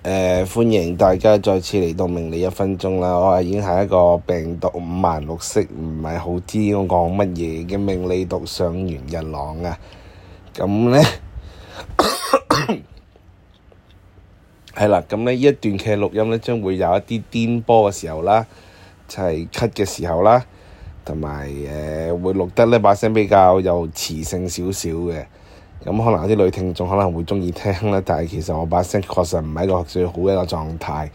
誒、呃，歡迎大家再次嚟到命理一分鐘啦！我已經係一個病毒五顏六色，唔係好知我講乜嘢嘅命理讀上元日朗啊！咁呢係啦，咁呢一段劇錄音呢，將會有一啲顛簸嘅時候啦，就係咳嘅時候啦，同埋誒，會錄得呢把聲比較有磁性少少嘅。咁可能有啲女聽眾可能會鍾意聽啦，但係其實我把聲確實唔係一個最好嘅一個狀態。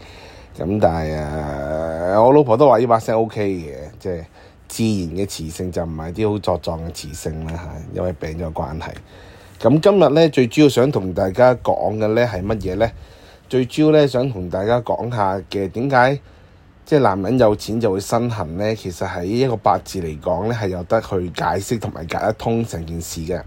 咁但係誒，我老婆都話呢把聲 OK 嘅，即係自然嘅磁性就唔係啲好作狀嘅磁性啦嚇，因為病咗關係。咁今日咧最主要想同大家講嘅咧係乜嘢咧？最主要咧想同大家講下嘅點解即係男人有錢就會身痕咧？其實喺一個八字嚟講咧係有得去解釋同埋解得通成件事嘅。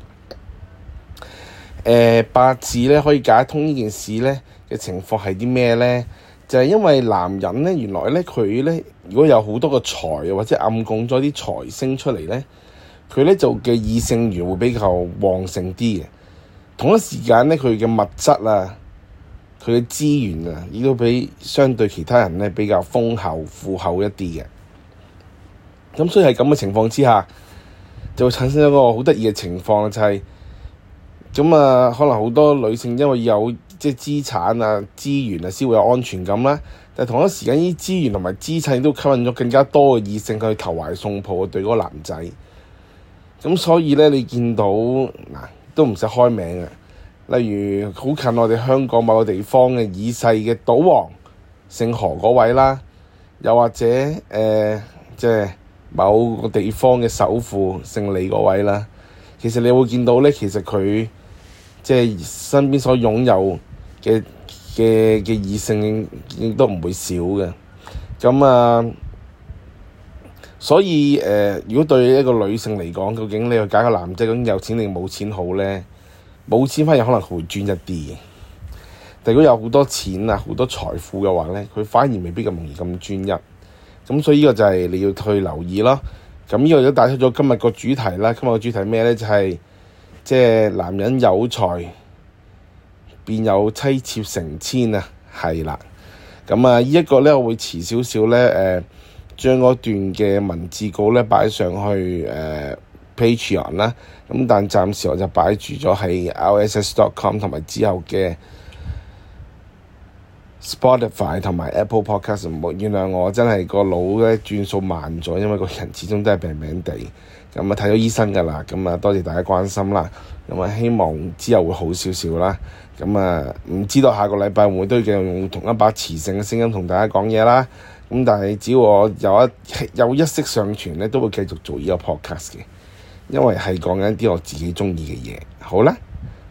呃、八字可以解得通呢件事呢嘅情況係啲咩呢？就係、是、因為男人呢，原來呢，佢呢，如果有好多個財，或者暗拱咗啲財星出嚟呢，佢呢，就嘅異性緣會比較旺盛啲嘅。同一時間呢，佢嘅物質啊，佢嘅資源啊，亦都比相對其他人呢比較豐厚、富厚一啲嘅。咁所以係咁嘅情況之下，就會產生一個好得意嘅情況，就係、是。咁啊，可能好多女性因為有即係資產啊、資源啊，先會有安全感啦、啊。但係同一時間，啲資源同埋資產都吸引咗更加多嘅異性去投懷送抱、啊、對嗰個男仔。咁所以咧，你見到嗱都唔使開名啊。例如好近我哋香港某個地方嘅已逝嘅賭王姓何嗰位啦，又或者誒、呃，即係某個地方嘅首富姓李嗰位啦。其實你會見到咧，其實佢。即係身邊所擁有嘅嘅嘅異性，亦都唔會少嘅。咁、嗯、啊，所以誒、呃，如果對於一個女性嚟講，究竟你要揀個男仔咁有錢定冇錢好咧？冇錢反而可能佢會專一啲，但如果有好多錢啊、好多財富嘅話咧，佢反而未必咁容易咁專一。咁、嗯、所以呢個就係你要去留意咯。咁、嗯、呢、呢個就帶出咗今日個主題啦。今日個主題咩咧？就係、是。即係男人有財，便有妻妾成千啊，係啦。咁啊，依、這、一個咧，我會遲少少咧，誒、呃，將嗰段嘅文字稿咧擺上去誒、呃、Patreon 啦。咁但暫時我就擺住咗喺 RSS.com 同埋之後嘅。Spotify 同埋 Apple Podcasts，原來我真係個腦咧轉數慢咗，因為個人始終都係病病地，咁啊睇咗醫生噶啦，咁、嗯、啊多謝大家關心啦，咁、嗯、啊希望之後會好少少啦，咁啊唔知道下個禮拜會唔會都用同一把磁性嘅聲音同大家講嘢啦，咁、嗯、但係只要我有一有一息尚存，咧，都會繼續做呢個 Podcast 嘅，因為係講緊啲我自己鍾意嘅嘢。好啦，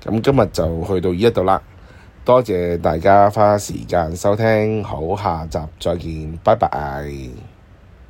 咁、嗯、今日就去到呢一度啦。多謝大家花時間收聽，好，下集再見，拜拜。